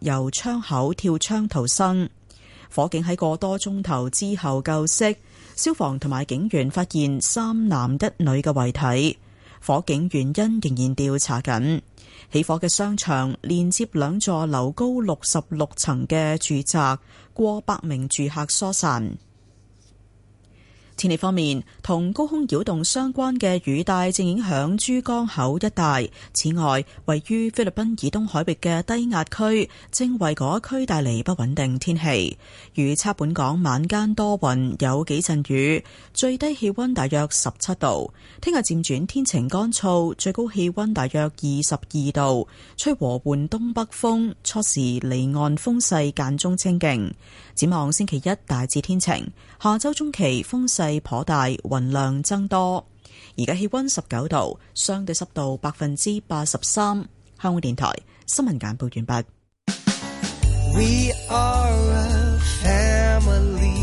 由窗口跳窗逃生，火警喺個多鐘頭之後救熄。消防同埋警員發現三男一女嘅遺體，火警原因仍然調查緊。起火嘅商場連接兩座樓高六十六層嘅住宅，過百名住客疏散。天氣方面，同高空擾動相關嘅雨帶正影響珠江口一帶。此外，位於菲律賓以東海域嘅低壓區正為嗰區帶嚟不穩定天氣。預測本港晚間多雲，有幾陣雨，最低氣溫大約十七度。聽日漸轉天晴、乾燥，最高氣溫大約二十二度，吹和緩東北風，初時離岸風勢間中清勁。展望星期一，大致天晴。下周中期風勢係頗大，雲量增多。而家氣溫十九度，相對濕度百分之八十三。香港電台新聞簡報完畢。We are a family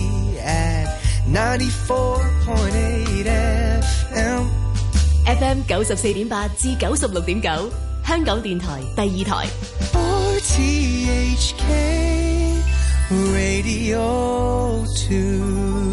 at 94.8 FM。FM 九十四點八至九十六點九，香港電台第二台。RTHK Radio 2。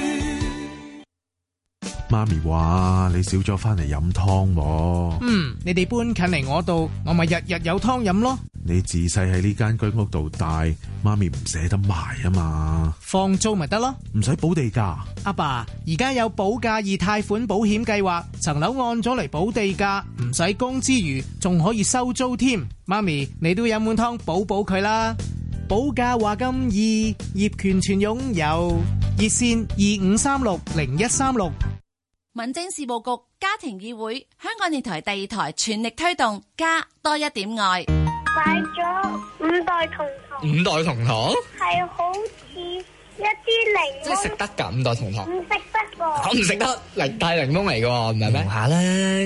媽咪話：你少咗翻嚟飲湯。嗯，你哋搬近嚟我度，我咪日日有湯飲咯。你自細喺呢間居屋度大，媽咪唔捨得賣啊嘛，放租咪得咯，唔使補地價。阿爸，爸，而家有補價易貸款保險計劃，層樓按咗嚟補地價，唔使供之餘，仲可以收租添。媽咪，你都飲碗湯補補佢啦。補價易，話咁易，業權全擁有，熱線二五三六零一三六。民政事務局家庭議會，香港電台第二台全力推動，加多一點愛。買咗五代同堂。五代同堂係好似一啲檸檬？即係食得噶五代同堂。唔食得噶。我唔食得，係帶檸檬嚟噶，唔係咩？下咧，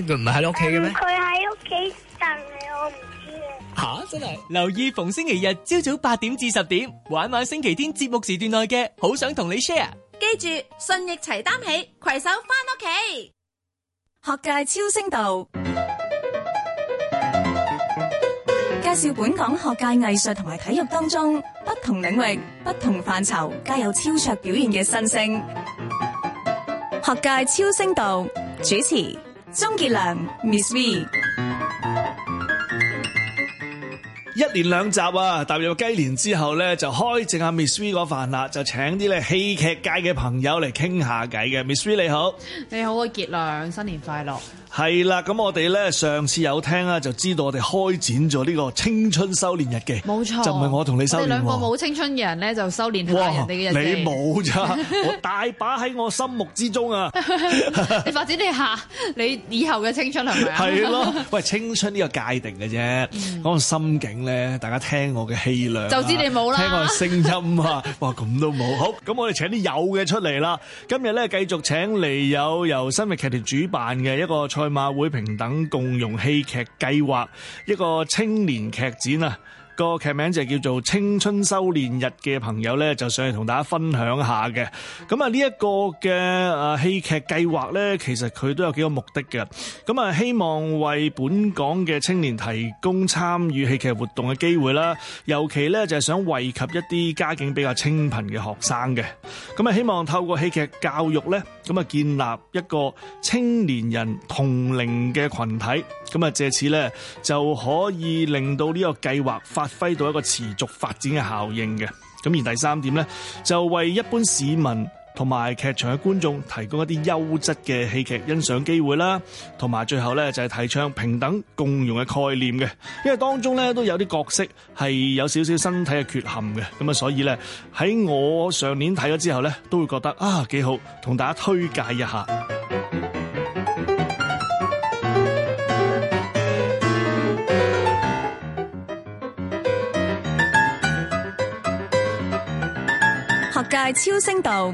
佢唔喺屋企咩？佢喺屋企但係我唔知啊。吓，真係，留意逢星期日朝早八點至十點，玩玩星期天節目時段內嘅，好想同你 share。記住，信亦齊擔起，携手翻屋企。學界超聲道介紹本港學界藝術同埋體育，當中不同領域、不同範疇皆有超卓表現嘅新星。學界超聲道主持鍾傑良，Miss V。一連兩集啊！踏入雞年之後咧，就開正阿 Ms V 嗰飯啦，就請啲咧戲劇界嘅朋友嚟傾下偈嘅。Ms V 你好，你好啊傑良，新年快樂！係啦，咁我哋咧上次有聽啦，就知道我哋開展咗呢個青春修煉日記。冇錯，就唔係我同你修煉。我哋兩個冇青春嘅人咧，就修煉下人哋嘅日記。你冇咋？我大把喺我心目之中啊！你發展你下，你以後嘅青春係咪啊？係咯，喂，青春呢個界定嘅啫，嗰個心境咧，大家聽我嘅氣量，就知你冇啦。聽我聲音啊，哇，咁都冇。好，咁我哋請啲有嘅出嚟啦。今日咧繼續請嚟有由新域劇團主辦嘅一個賽。愛馬會平等共融戲劇計劃一個青年劇展啊，個劇名就叫做青春修煉日嘅朋友呢，就上嚟同大家分享下嘅。咁、嗯這個、啊呢一個嘅，啊戲劇計劃呢，其實佢都有幾個目的嘅。咁啊，希望為本港嘅青年提供參與戲劇活動嘅機會啦，尤其呢，就係、是、想惠及一啲家境比較清貧嘅學生嘅。咁啊，希望透過戲劇教育呢。咁啊，建立一個青年人同齡嘅群體，咁啊，藉此咧就可以令到呢個計劃發揮到一個持續發展嘅效應嘅。咁而第三點咧，就為一般市民，同埋劇場嘅觀眾提供一啲優質嘅戲劇欣賞機會啦，同埋最後咧就係提倡平等共融嘅概念嘅，因為當中咧都有啲角色係有少少身體嘅缺陷嘅，咁啊所以咧喺我上年睇咗之後咧都會覺得啊幾好，同大家推介一下。學界超聲道。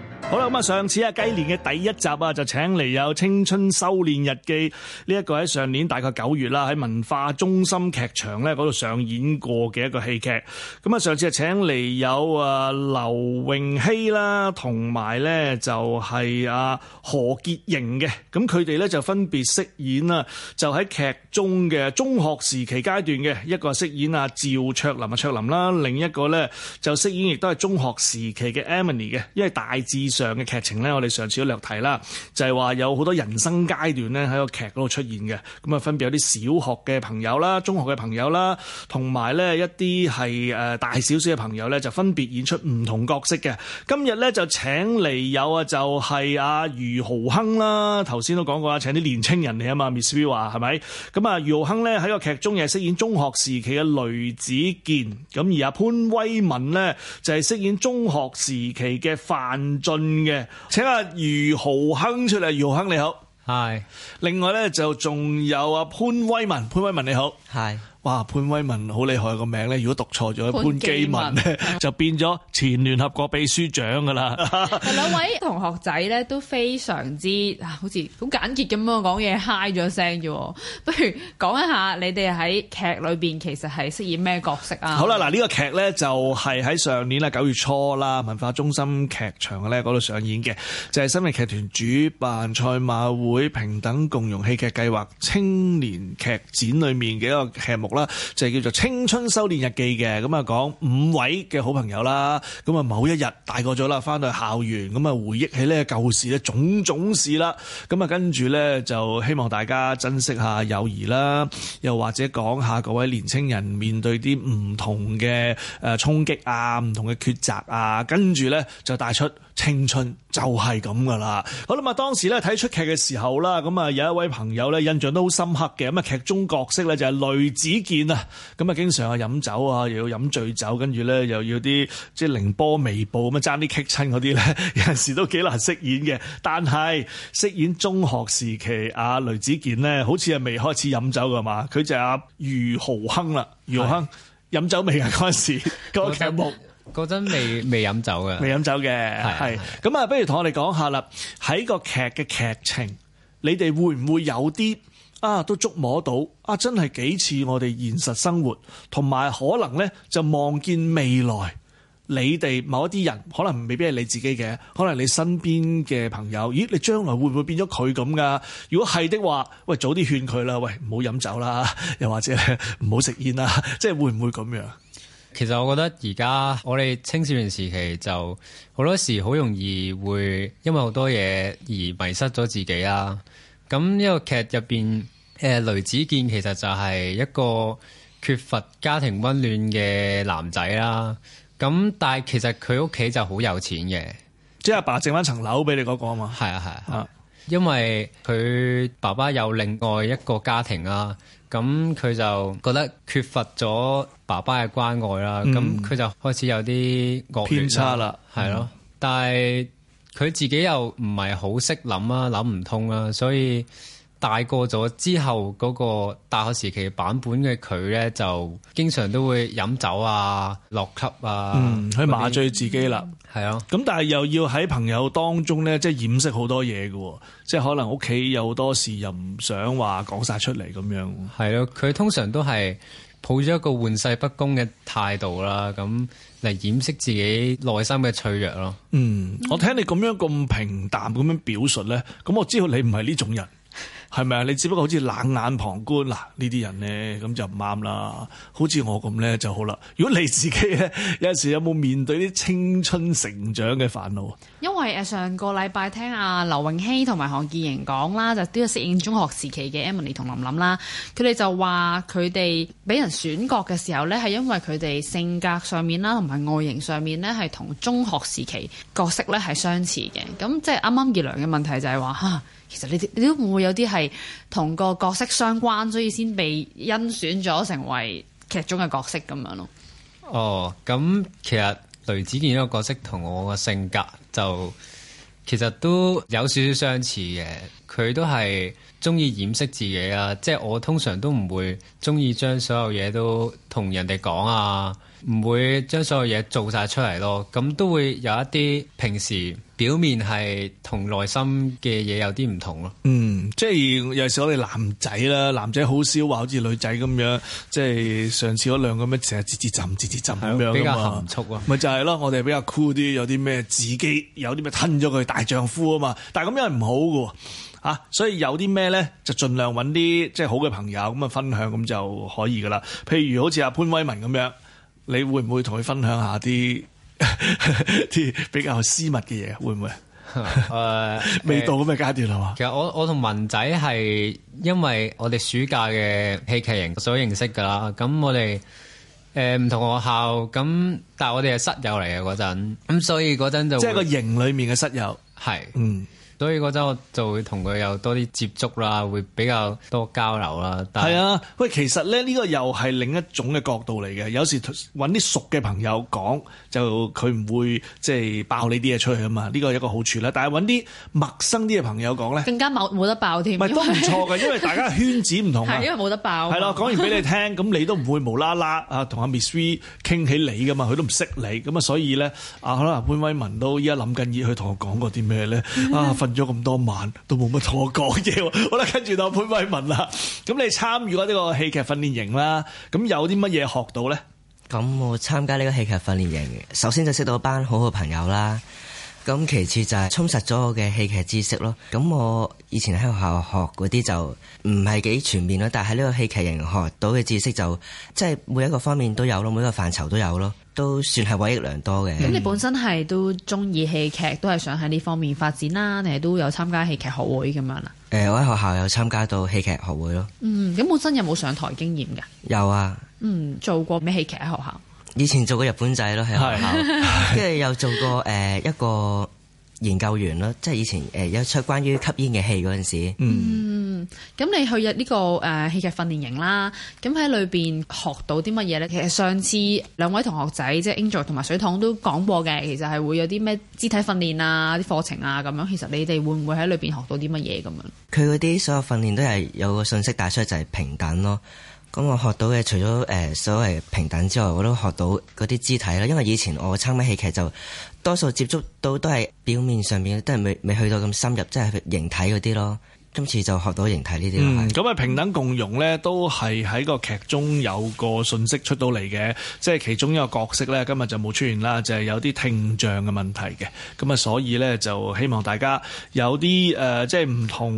好啦，咁啊，上次啊，雞年嘅第一集啊，就請嚟有《青春修煉日記》呢一個喺上年大概九月啦，喺文化中心劇場咧度上演過嘅一個戲劇，咁啊，上次啊，請嚟有啊劉穎希啦，同埋咧就係啊何潔瑩嘅。咁佢哋咧就分別飾演啊就喺劇中嘅中學時期階段嘅一個飾演啊趙卓林啊卓林啦，另一個咧就飾演亦都係中學時期嘅 Emily 嘅，因為大致上。上嘅劇情咧，我哋上次都略提啦，就係、是、話有好多人生階段咧喺個劇度出現嘅，咁啊分別有啲小學嘅朋友啦、中學嘅朋友啦，同埋咧一啲係誒大少少嘅朋友咧，就分別演出唔同角色嘅。今日咧就請嚟有啊，就係阿余濠亨啦，頭先都講過啦，請啲年青人嚟啊嘛，Miss V 話係咪？咁啊余濠亨咧喺個劇中亦係飾演中學時期嘅雷子健，咁而阿潘威文咧就係飾演中學時期嘅范進。嘅，請阿余濠亨出嚟，余濠亨你好，係是。另外咧就仲有阿潘威文，潘威文你好，係。哇！潘威文好厲害個名咧，如果讀錯咗潘基文咧，文 就變咗前聯合國秘書長噶啦 兩位同學仔咧都非常之，啊好似好簡潔咁樣講嘢嗨咗聲啫。不如講一下你哋喺劇裏邊，其實係飾演咩角色啊？好啦，嗱、這、呢個劇咧就係喺上年啊九月初啦，文化中心劇場咧度上演嘅，就係、是、新民劇團主辦賽馬會平等共融戲劇計劃青年劇展裏面嘅一個劇目。啦，就係叫做《青春修煉日記》嘅，咁啊講五位嘅好朋友啦，咁啊某一日大個咗啦，翻到去校園，咁啊回憶起咧舊事咧種種事啦，咁啊跟住咧就希望大家珍惜下友誼啦，又或者講下各位年青人面對啲唔同嘅誒衝擊啊，唔同嘅抉擇啊，跟住咧就帶出青春。就係咁噶啦，好啦嘛，當時咧睇出劇嘅時候啦，咁啊有一位朋友咧印象都好深刻嘅，咁啊劇中角色咧就係雷子健啊，咁啊經常啊飲酒啊，又要飲醉酒，跟住咧又要啲即係凌波微步咁啊爭啲棘親嗰啲咧，有陣時都幾難飾演嘅。但係飾演中學時期阿雷子健咧，好似係未開始飲酒噶嘛，佢就阿余濠亨啦，余濠亨飲是的 酒未啊嗰陣時嗰個劇目。 嗰陣未未飲酒嘅，未飲酒嘅係。咁啊，不如同我哋講下啦。喺個劇嘅劇情，你哋會唔會有啲啊？都捉摸到啊！真係幾似我哋現實生活，同埋可能咧就望見未來，你哋某一啲人可能未必係你自己嘅，可能你身邊嘅朋友，咦？你將來會唔會變咗佢咁噶？如果係的話，喂，早啲勸佢啦，喂，唔好飲酒啦，又或者唔好食煙啦，即係會唔會咁樣？其實我覺得而家我哋青少年時期就好多時好容易會因為好多嘢而迷失咗自己啦、啊。咁呢個劇入邊，誒、呃，雷子健其實就係一個缺乏家庭溫暖嘅男仔啦、啊。咁但係其實佢屋企就好有錢嘅，即係阿爸、爸剩翻層樓俾你嗰個啊嘛。係啊係啊，啊啊嗯、因為佢爸爸有另外一個家庭啦、啊。咁佢就覺得缺乏咗爸爸嘅關愛啦，咁佢、嗯、就開始有啲惡劣、偏差啦，係咯。的嗯、但係佢自己又唔係好識諗啊，諗唔通啊，所以。大過咗之後，嗰個大學時期版本嘅佢呢，就經常都會飲酒啊、落級啊，去、嗯、麻醉自己啦。係、嗯、啊，咁但係又要喺朋友當中呢，即係掩飾好多嘢嘅，哦，即係可能屋企有好多事又唔想話講晒出嚟咁樣。係咯、啊，佢通常都係抱咗一個玩世不恭嘅態度啦，咁嚟掩飾自己內心嘅脆弱咯。嗯，我聽你咁樣咁平淡咁樣表述呢，咁我知道你唔係呢種人。係咪啊？你只不過好似冷眼旁觀嗱呢啲人咧，咁就唔啱啦。好似我咁咧就好啦。如果你自己咧有陣時有冇面對啲青春成長嘅煩惱？因為誒上個禮拜聽阿、啊、劉穎希同埋韓健瑩講啦，就都有適應中學時期嘅 Emily 同琳琳啦。佢哋就話佢哋俾人選角嘅時候咧，係因為佢哋性格上面啦，同埋外形上面咧，係同中學時期角色咧係相似嘅。咁即係啱啱傑良嘅問題就係話嚇。其實你你都唔會有啲係同個角色相關，所以先被甄選咗成為劇中嘅角色咁樣咯。哦，咁其實雷子健呢個角色同我個性格就其實都有少少相似嘅，佢都係。中意掩飾自己啊！即係我通常都唔會中意將所有嘢都同人哋講啊，唔會將所有嘢做晒出嚟咯。咁都會有一啲平時表面係同內心嘅嘢有啲唔同咯。嗯，即係有時我哋男仔啦，男仔好少話好似女仔咁樣，即係上次兩個咩成日吱吱浸、吱吱浸咁樣比較含蓄啊。咪就係咯，我哋比較酷啲，有啲咩自己有啲咩吞咗佢大丈夫啊嘛。但係咁樣係唔好嘅喎，啊，所以有啲咩？咧就盡量揾啲即係好嘅朋友咁啊，分享咁就可以噶啦。譬如好似阿潘威文咁樣，你會唔會同佢分享下啲啲 比較私密嘅嘢？會唔會？誒、呃， 未到咁嘅階段係嘛。呃、嗎其實我我同文仔係因為我哋暑假嘅戲劇營所認識噶啦。咁我哋誒唔同學校，咁但係我哋係室友嚟嘅嗰陣，咁所以嗰陣就即係個營裏面嘅室友係是嗯。所以嗰陣我就會同佢有多啲接觸啦，會比較多交流啦。係啊，喂，其實咧呢個又係另一種嘅角度嚟嘅。有時揾啲熟嘅朋友講，就佢唔會即係爆你啲嘢出去啊嘛。呢個係一個好處啦。但係揾啲陌生啲嘅朋友講咧，更加冇冇得爆添。咪都唔錯嘅，因為大家圈子唔同。係因為冇得爆。係咯，講完俾你聽，咁你都唔會無啦啦啊，同阿 Miss V 傾起你噶嘛，佢都唔識你。咁啊，所以咧啊，可能潘威文都依家諗緊，而佢同我講過啲咩咧啊？佛。咗咁多晚都冇乜同我講嘢， 好啦，跟住到潘威文啦。咁你參與過呢個戲劇訓練營啦，咁有啲乜嘢學到咧？咁我參加呢個戲劇訓練營，首先就識到一班好好朋友啦。咁其次就係充實咗我嘅戲劇知識咯。咁我以前喺學校學嗰啲就唔係幾全面咯，但係呢個戲劇人學到嘅知識就即係每一個方面都有咯，每一個範疇都有咯，都算係獲益良多嘅。咁、嗯嗯、你本身係都中意戲劇，都係想喺呢方面發展啦，定係都有參加戲劇學會咁樣啊？誒，我喺學校有參加到戲劇學會咯。嗯，咁本身有冇上台經驗㗎？有啊。嗯，做過咩戲劇喺學校？以前做過日本仔咯喺學校，跟住 又做過誒一個研究員咯， 即係以前誒有出關於吸煙嘅戲嗰陣時。嗯，咁你去入呢個誒戲劇訓練營啦，咁喺裏邊學到啲乜嘢咧？其實上次兩位同學仔即係 Angel 同埋水桶都講過嘅，其實係會有啲咩肢體訓練啊啲課程啊咁樣。其實你哋會唔會喺裏邊學到啲乜嘢咁樣？佢嗰啲所有訓練都係有個信息帶出嚟，就係、是、平等咯。咁我學到嘅除咗誒、呃、所謂平等之外，我都學到嗰啲肢體啦。因為以前我參咩戲劇就多數接觸到都係表面上面，都係未未去到咁深入，即係形體嗰啲咯。今次就學到形體呢啲啦。咁啊、嗯，是平等共融呢，都係喺個劇中有個訊息出到嚟嘅，即係其中一個角色呢，今日就冇出現啦，就係、是、有啲聽障嘅問題嘅。咁啊，所以呢，就希望大家有啲誒、呃，即係唔同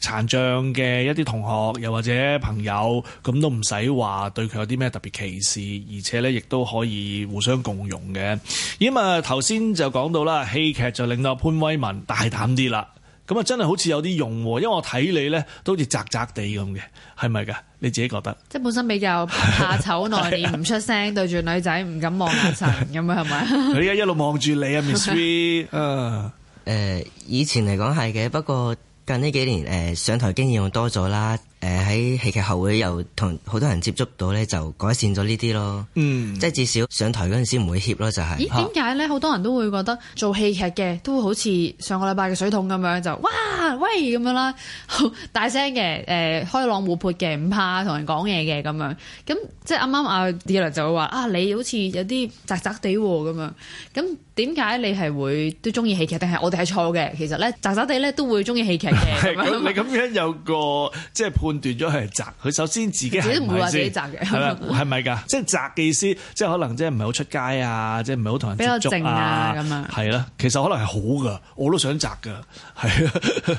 殘障嘅一啲同學，又或者朋友，咁都唔使話對佢有啲咩特別歧視，而且呢亦都可以互相共融嘅。咁啊，頭先就講到啦，戲劇就令到潘威文大膽啲啦。咁啊，真係好似有啲用喎，因為我睇你咧都好似宅宅地咁嘅，係咪噶？你自己覺得？即係本身比較怕醜，耐你唔出聲，對住女仔唔敢望眼神咁啊，係咪 ？佢而家一路望住你啊，Ms V 嗯，誒、呃，以前嚟講係嘅，不過近呢幾年誒、呃、上台經驗多咗啦。誒喺戲劇後會又同好多人接觸到咧，就改善咗呢啲咯。嗯，即係至少上台嗰陣時唔會怯咯，就係、是。咦？點解咧？好、啊、多人都會覺得做戲劇嘅都會好似上個禮拜嘅水桶咁樣就哇喂咁樣啦，好大聲嘅誒，開朗活潑嘅，唔怕同人講嘢嘅咁樣。咁即係啱啱阿二來就會話啊，你好似有啲宅宅地喎咁樣咁。點解你係會都中意戲劇？定係我哋係錯嘅？其實咧，宅宅地咧都會中意戲劇嘅。咁的樣你咁樣有個即係、就是、判斷咗係宅？佢首先自己唔會話自己宅嘅，係咪吧？係咪噶？ 即係宅嘅意思，即係可能即係唔係好出街啊，即係唔係好同人比接觸啊？咁啊，係啦，其實可能係好噶，我都想宅噶，係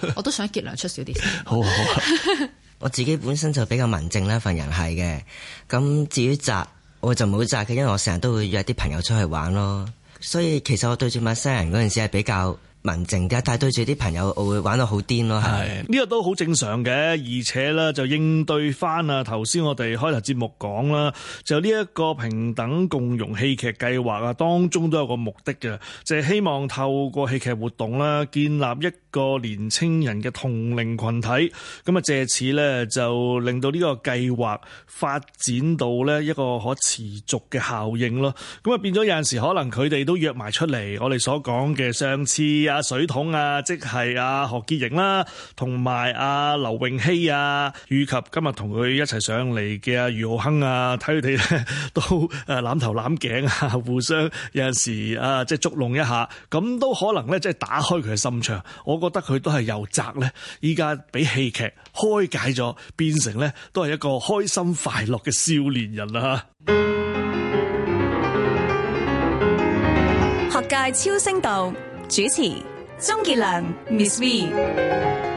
啊， 我都想傑良出少啲。 好好 我自己本身就比較文靜啦，份人係嘅。咁至於宅，我就唔冇宅嘅，因為我成日都會約啲朋友出去玩咯。所以其實我對住陌生人嗰陣時係比較文靜嘅，但係對住啲朋友我會玩得好癲咯，係咪？呢個都好正常嘅，而且咧就應對翻啊！頭先我哋開頭節目講啦，就呢一個平等共融戲劇計劃啊，當中都有個目的嘅，就係希望透過戲劇活動啦，建立一個年青人嘅同齡羣體，咁啊藉此咧就令到呢個計劃發展到咧一個可持續嘅效應咯。咁啊變咗有陣時可能佢哋都約埋出嚟，我哋所講嘅上次阿水桶啊，即係阿何潔瑩啦，同埋阿劉永熙啊，以及今日同佢一齊上嚟嘅阿余濠亨啊，睇佢哋咧都誒攬頭攬頸啊，互相有陣時啊即係捉弄一下，咁都可能咧即係打開佢嘅心窗。我。覺得佢都係由宅咧，依家俾戲劇開解咗，變成咧都係一個開心快樂嘅少年人啦。學界超聲道主持鍾傑良 Miss V。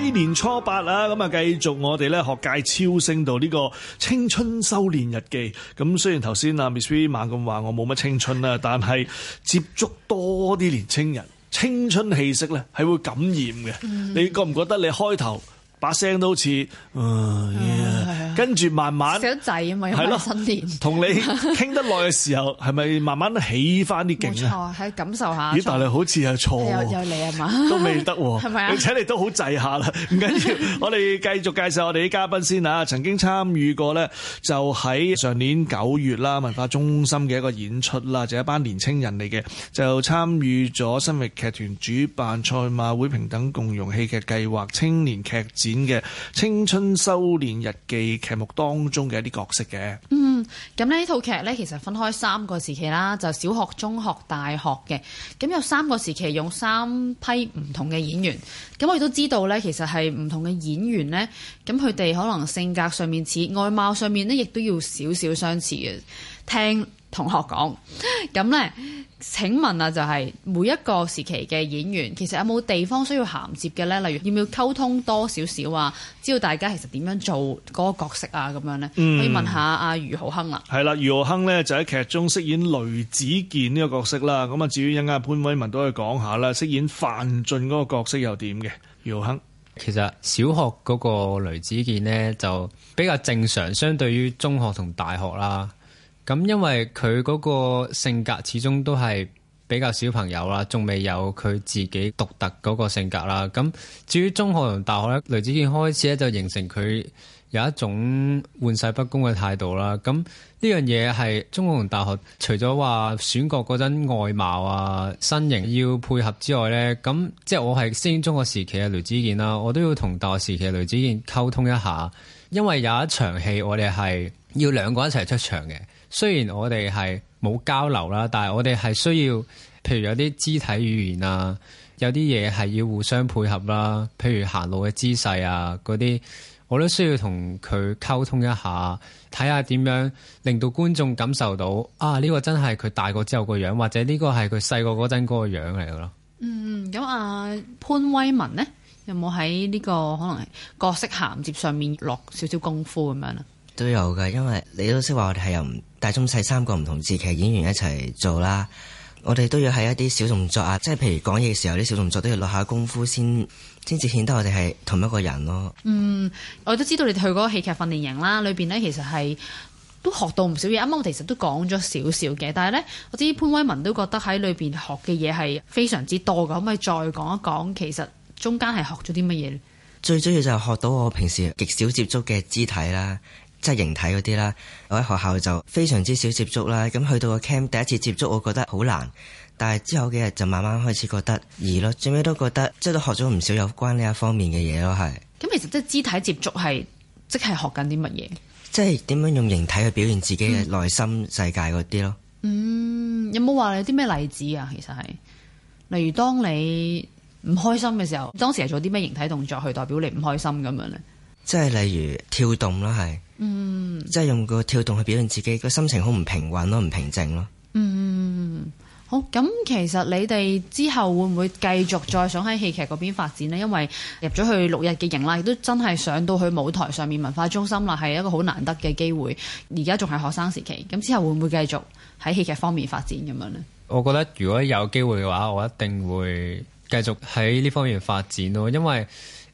呢年初八啦，咁啊，繼續我哋咧學界超聲道呢個青春修煉日記。咁雖然頭先阿 Ms V 猛咁話我冇乜青春啊，但係接觸多啲年青人，青春氣息咧係會感染嘅。Mm hmm. 你覺唔覺得你開頭把聲都好似？Oh, yeah. Oh, yeah. 跟住慢慢，係咯，新年同你傾得耐嘅時候，係咪 慢慢起翻啲勁啊？冇錯，係感受下。咦，但係好似係錯有有你係嘛？ 都未得喎。係咪啊？而你都好滯下啦，唔緊要。 我哋繼續介紹我哋啲嘉賓先啊。曾經參與過呢，就喺上年九月啦，文化中心嘅一個演出啦，就是，一班年青人嚟嘅，就參與咗新域劇團主辦賽馬會平等共融戲劇計劃青年劇展嘅《青春修煉日記》。劇目當中嘅一啲角色嘅，嗯，咁呢套劇呢，其實分開三個時期啦，就小學、中學、大學嘅，咁有三個時期用三批唔同嘅演員。咁我亦都知道咧，其實係唔同嘅演員咧，咁佢哋可能性格上面似，外貌上面咧，亦都要少少相似嘅。聽同學講咁咧， 請問啊、就是，就係每一個時期嘅演員其實有冇地方需要銜接嘅咧？例如要唔要溝通多少少啊？知道大家其實點樣做個角色啊？咁樣咧，可以問下阿余濠亨啊係啦，余濠亨咧就喺劇中飾演雷子健呢個角色啦。咁啊、嗯，至於一陣間潘威文都可以講下啦，飾演范進個角色又點嘅？濠亨，其實小學嗰個雷子健呢，就比較正常，相對於中學同大學啦。咁因為佢嗰個性格始終都係比較小朋友啦，仲未有佢自己獨特嗰個性格啦。咁至於中學同大學咧，雷子健開始咧就形成佢。有一種玩世不恭嘅態度啦，咁呢樣嘢係中學同大學除咗話選角嗰陣外貌啊、身形要配合之外呢，咁即係我係先中學時期嘅雷子健啦，我都要同大學時期嘅雷子健溝通一下，因為有一場戲我哋係要兩個一齊出場嘅，雖然我哋係冇交流啦，但係我哋係需要，譬如有啲肢體語言啊，有啲嘢係要互相配合啦、啊，譬如行路嘅姿勢啊嗰啲。我都需要同佢溝通一下，睇下點樣令到觀眾感受到啊！呢個真係佢大個之後個樣，或者呢個係佢細個嗰陣嗰個樣嚟嘅咯。嗯，咁啊潘威文呢，有冇喺呢個可能角色銜接上面落少少功夫咁樣啊？都有嘅，因為你都識話我哋係由大中細三個唔同時期演員一齊做啦，我哋都要喺一啲小動作啊，即係譬如講嘢時候啲小動作都要落下功夫先。先至顯得我哋係同一個人咯。嗯，我都知道你哋去嗰個戲劇訓練營啦，裏邊呢其實係都學到唔少嘢。啱啱我其實都講咗少少嘅，但係呢，我知潘威文都覺得喺裏邊學嘅嘢係非常之多嘅。可唔可以再講一講？其實中間係學咗啲乜嘢？最主要就係學到我平時極少接觸嘅肢體啦、即係形體嗰啲啦。我喺學校就非常之少接觸啦。咁去到個 camp 第一次接觸，我覺得好難。但係之後幾日就慢慢開始覺得疑咯，最尾都覺得即係都學咗唔少有關呢一方面嘅嘢咯。係咁其實即係肢體接觸係、就是、即係學緊啲乜嘢？即係點樣用形體去表現自己嘅內心世界嗰啲咯？嗯，有冇話有啲咩例子啊？其實係例如當你唔開心嘅時候，當時係做啲咩形體動作去代表你唔開心咁樣咧？即係例如跳動咯，係嗯，即係用個跳動去表現自己個心情好唔平穩咯，唔平靜咯，嗯。好，咁其實你哋之後會唔會繼續再想喺戲劇嗰邊發展呢？因為入咗去六日嘅營啦，亦都真係上到去舞台上面文化中心啦，係一個好難得嘅機會。而家仲係學生時期，咁之後會唔會繼續喺戲劇方面發展咁樣呢？我覺得如果有機會嘅話，我一定會繼續喺呢方面發展咯。因為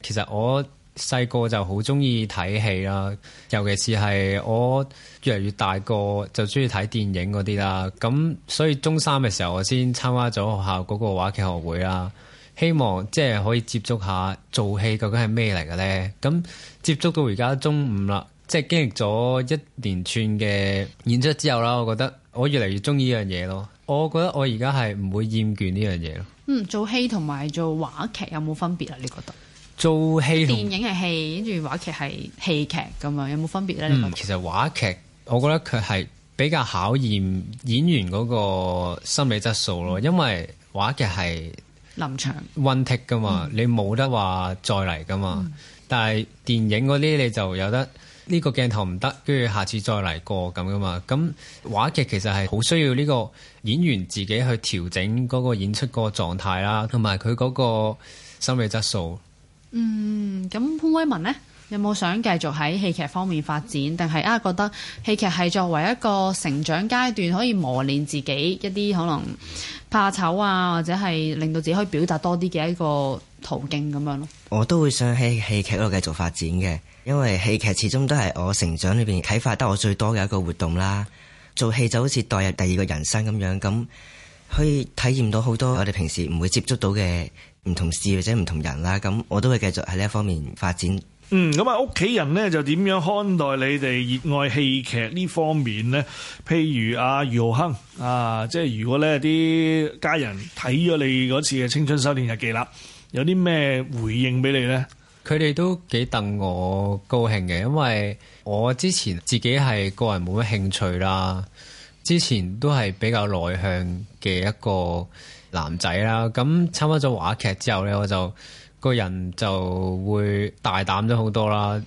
其實我細個就好中意睇戲啦，尤其是係我越嚟越大個就中意睇電影嗰啲啦。咁所以中三嘅時候，我先參加咗學校嗰個話劇學會啦，希望即係可以接觸下做戲究竟係咩嚟嘅呢。咁接觸到而家中五啦，即係經歷咗一連串嘅演出之後啦，我覺得我越嚟越中意呢樣嘢咯。我覺得我而家係唔會厭倦呢樣嘢咯。嗯，做戲同埋做話劇有冇分別啊你覺得有有？做戲，電影係戲，跟住話劇係戲劇噶嘛？有冇分別呢？其實話劇，我覺得佢係比較考驗演員嗰個心理質素咯，嗯、因為話劇係臨場温剔噶嘛，嗯、你冇得話再嚟噶嘛。嗯、但係電影嗰啲你就有得呢個鏡頭唔得，跟住下次再嚟過咁噶嘛。咁話劇其實係好需要呢個演員自己去調整嗰個演出個狀態啦，同埋佢嗰個心理質素。嗯，咁潘威文呢？有冇想繼續喺戲劇方面發展，定係啊覺得戲劇係作為一個成長階段，可以磨練自己一啲可能怕醜啊，或者係令到自己可以表達多啲嘅一個途徑咁樣咯？我都會想喺戲劇度繼續發展嘅，因為戲劇始終都係我成長裏邊啟發得我最多嘅一個活動啦。做戲就好似代入第二個人生咁樣，咁可以體驗到好多我哋平時唔會接觸到嘅。唔同事或者唔同人啦，咁我都會繼續喺呢一方面發展。嗯，咁啊，屋企人呢，就點樣看待你哋熱愛戲劇呢方面呢？譬如啊，余濠亨啊，即係如果呢啲家人睇咗你嗰次嘅《青春修煉日記》啦，有啲咩回應俾你呢？佢哋都幾戥我高興嘅，因為我之前自己係個人冇乜興趣啦，之前都係比較內向嘅一個。男仔啦，咁參加咗話劇之後呢，我就個人就會大膽咗好多啦，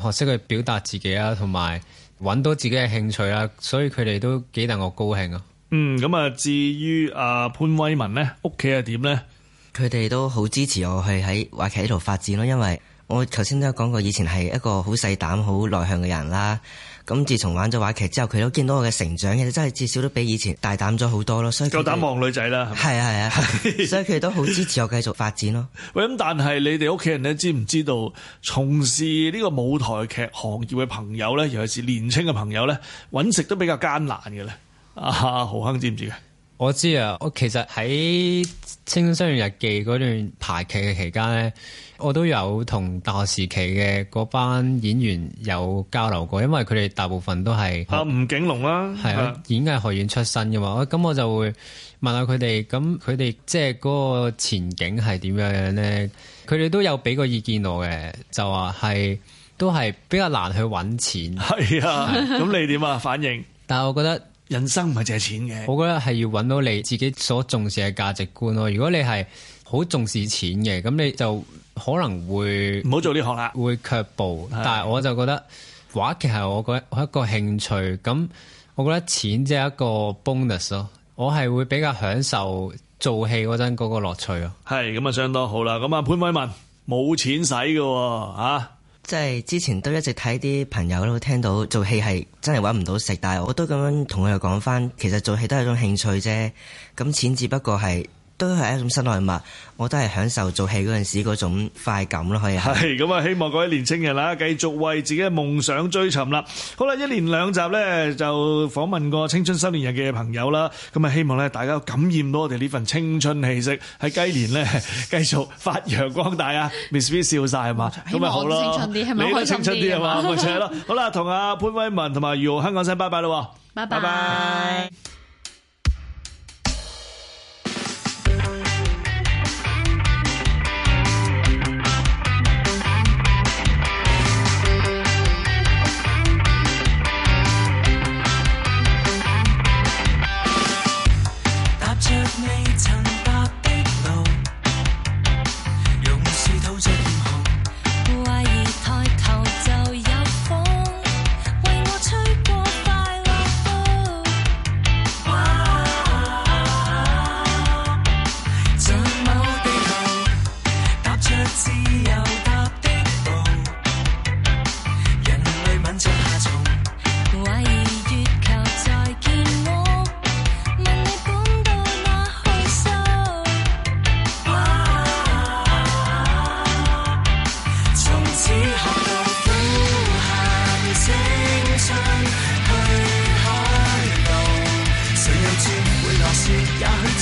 學識去表達自己啦，同埋揾到自己嘅興趣啊，所以佢哋都幾令我高興啊。嗯，咁啊，至於阿潘威文呢，屋企係點呢？佢哋都好支持我去喺話劇呢度發展咯，因為我頭先都有講過，以前係一個好細膽、好內向嘅人啦。咁自從玩咗話劇之後，佢都見到我嘅成長嘅，真係至少都比以前大膽咗好多咯。所以夠膽望女仔啦，係啊係啊，啊 所以佢哋都好支持我繼續發展咯。喂，咁但係你哋屋企人咧，知唔知道從事呢個舞台劇行業嘅朋友咧，尤其是年青嘅朋友咧，揾食都比較艱難嘅咧。啊，濠亨知唔知嘅？我知啊，我其實喺《青春相遇日記》嗰段排劇嘅期間咧，我都有同大學時期嘅嗰班演員有交流過，因為佢哋大部分都係啊吳景龍啦，係啊，啊是是演藝學院出身噶嘛，咁的我就會問下佢哋，咁佢哋即係嗰個前景係點樣樣咧？佢哋都有俾個意見我嘅，就話係都係比較難去搵錢，係啊的，咁你點啊反應？但係我覺得。人生唔係淨係錢嘅，我覺得係要揾到你自己所重視嘅價值觀咯。如果你係好重視錢嘅，咁你就可能會唔好做呢行啦，會卻步。的但係我就覺得話劇係我個一個興趣，咁我覺得錢即係一個 bonus 咯。我係會比較享受做戲嗰陣嗰個樂趣咯。係咁啊，相當好啦。咁啊，潘偉文冇錢使㗎喎。即係之前都一直睇啲朋友都聽到做戲係真係揾唔到食，但係我都咁樣同佢哋講返，其實做戲都係一種興趣啫，咁錢只不過係，都係一種新愛物，我都係享受做戲嗰陣時嗰種快感咯，可以係。咁啊，希望各位年青人啦，繼續為自己嘅夢想追尋啦。好啦，一連兩集咧就訪問過青春收年人嘅朋友啦。咁啊，希望咧大家感染到我哋呢份青春氣息，係雞年咧繼續發揚光大啊！Miss V 笑晒係嘛，咁咪好咯，你都青春啲係嘛，開心啲係嘛，咪就係咯。好啦，同阿潘威文同埋余濠亨生拜拜啦，拜拜。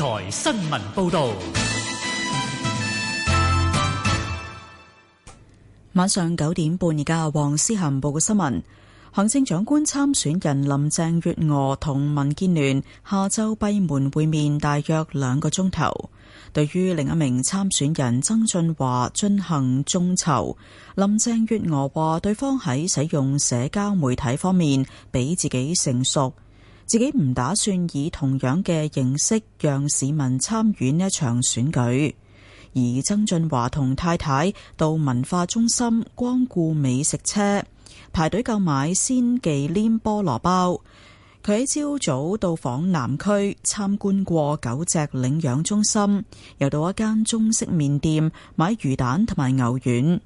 台新聞報道，晚上九點半而家，黃思涵報嘅新聞。行政長官參選人林鄭月娥同民建聯下周閉門會面大約兩個鐘頭。對於另一名參選人曾俊華進行眾籌，林鄭月娥話對方喺使用社交媒體方面比自己成熟。自己唔打算以同樣嘅形式讓市民參與呢一場選舉。而曾俊華同太太到文化中心光顧美食車，排隊購買鮮忌廉菠蘿包。佢喺朝早到訪南區參觀過九隻領養中心，又到一間中式麵店買魚蛋同埋牛丸。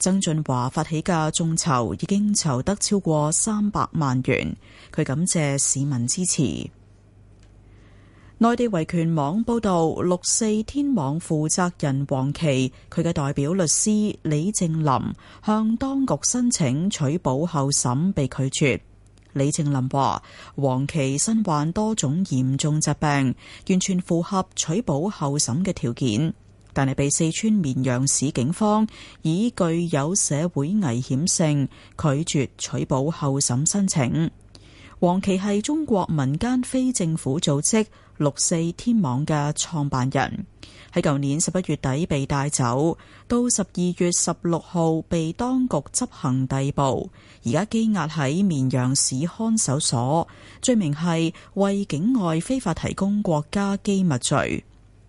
曾俊華發起嘅眾籌已經籌得超過三百萬元，佢感謝市民支持。內地維權網報道，六四天網負責人黃琦，佢嘅代表律師李靜林向當局申請取保候審被拒絕。李靜林話：黃琦身患多種嚴重疾病，完全符合取保候審嘅條件。但係被四川綿陽市警方以具有社會危險性，拒絕取保候審申請。黃琦係中國民間非政府組織六四天網嘅創辦人，喺舊年十一月底被帶走，到十二月十六號被當局執行逮捕，而家羈押喺綿陽市看守所，罪名係為境外非法提供國家機密罪。